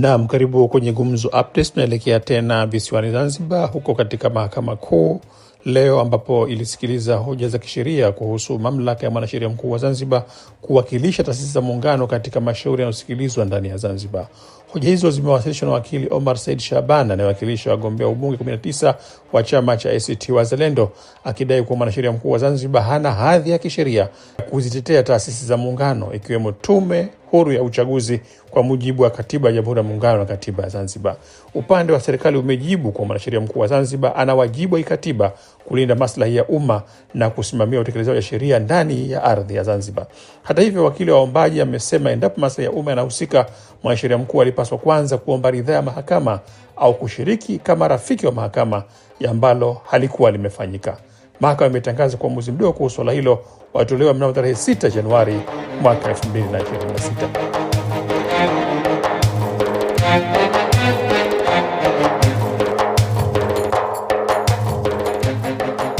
Naam, karibu kwenye Gumzo Updates. Tunaelekea tena visiwani Zanzibar, huko katika mahakama kuu leo ambapo ilisikiliza hoja za kisheria kuhusu mamlaka ya mwanasheria mkuu wa Zanzibar kuwakilisha taasisi za muungano katika mashauri yanayosikilizwa ndani ya Zanzibar. Hoja hizo zimewasilishwa na wakili Omar Said Shaban anayewakilisha wagombea ubunge 19 wa chama cha ACT Wazalendo, akidai kuwa mwanasheria mkuu wa Zanzibar hana hadhi ya kisheria kuzitetea taasisi za muungano ikiwemo tume huru ya uchaguzi kwa mujibu wa katiba ya Jamhuri ya Muungano na katiba ya Zanzibar. Upande wa serikali umejibu kuwa mwanasheria mkuu wa Zanzibar ana wajibu wa kikatiba kulinda maslahi ya umma na kusimamia utekelezaji wa sheria ndani ya ardhi ya Zanzibar. Hata hivyo, wakili wa waombaji amesema endapo maslahi ya umma yanahusika, mwanasheria mkuu alipaswa kwanza kuomba ridhaa ya mahakama au kushiriki kama rafiki wa mahakama, ambalo halikuwa limefanyika. Mahakama imetangaza kwa uamuzi mdogo kuhusu swala hilo watolewa mnamo tarehe 6 Januari mwaka 2026.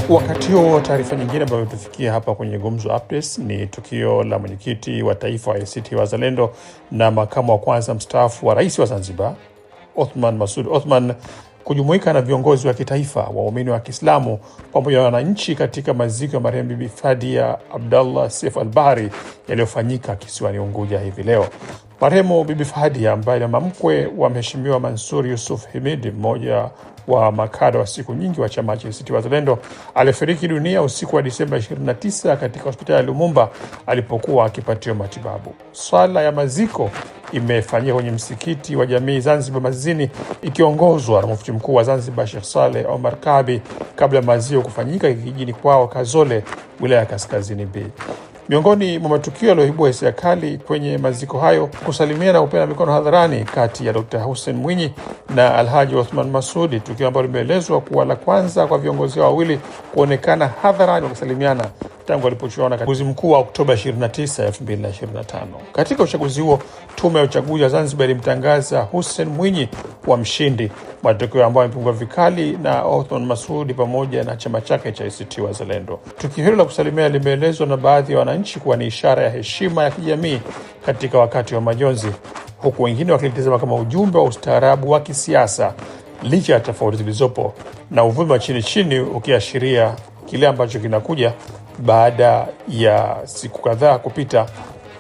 Wakati huo taarifa nyingine ambayo imetufikia hapa kwenye Gumzo Updates ni tukio la mwenyekiti wa taifa wa ACT Wazalendo na makamu wa kwanza mstaafu wa rais wa Zanzibar Othman Masud Othman kujumuika na viongozi wa kitaifa waumini wa Kiislamu pamoja na wananchi katika maziko ya marehemu Bibi Fadia Abdallah Sef Albahari yaliyofanyika kisiwani Unguja hivi leo. Marehemu Bibi fahadi ambaye ni mamkwe wa Mheshimiwa Mansur Yusuf Himidi, mmoja wa makada wa siku nyingi wa chama cha ACT Wazalendo, alifariki dunia usiku wa Disemba 29 katika hospitali ya Lumumba alipokuwa akipatiwa matibabu. Swala ya maziko imefanyika kwenye msikiti wa jamii Zanzibar Mazizini, ikiongozwa na mufti mkuu wa Zanzibar Sheikh Saleh Omar Kabi, kabla ya mazio kufanyika kijijini kwao Kazole, wilaya ya Kaskazini B. Miongoni mwa matukio yaliyoibua hisia kali kwenye maziko hayo kusalimia na kupeana mikono hadharani kati ya Dr Hussein Mwinyi na Alhaji Othman Masudi, tukio ambalo limeelezwa kuwa la kwanza kwa viongozi hao wawili kuonekana hadharani wakisalimiana tangu alipochuana uchaguzi mkuu wa Oktoba 29, 2025. Katika uchaguzi huo tume ya uchaguzi wa Zanzibar ilimtangaza Hussein Mwinyi kuwa mshindi, matokeo ambayo amepingwa vikali na Othman Masudi pamoja na chama chake cha ACT Wazalendo. Tukio hilo la kusalimia limeelezwa na baadhi ya wananchi kuwa ni ishara ya heshima ya kijamii katika wakati wa majonzi, huku wengine wakilitazama kama ujumbe wa ustaarabu wa kisiasa licha ya tofauti zilizopo na uvumi wa chini chini ukiashiria kile ambacho kinakuja baada ya siku kadhaa kupita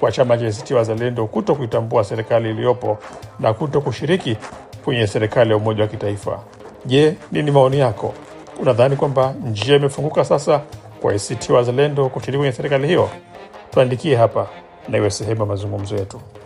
kwa chama cha ACT Wazalendo kuto kuitambua serikali iliyopo na kuto kushiriki kwenye serikali ya umoja wa kitaifa. Je, nini maoni yako? Unadhani kwamba njia imefunguka sasa kwa ACT Wazalendo kushiriki kwenye serikali hiyo? Tuandikie hapa na iwe sehemu ya mazungumzo yetu.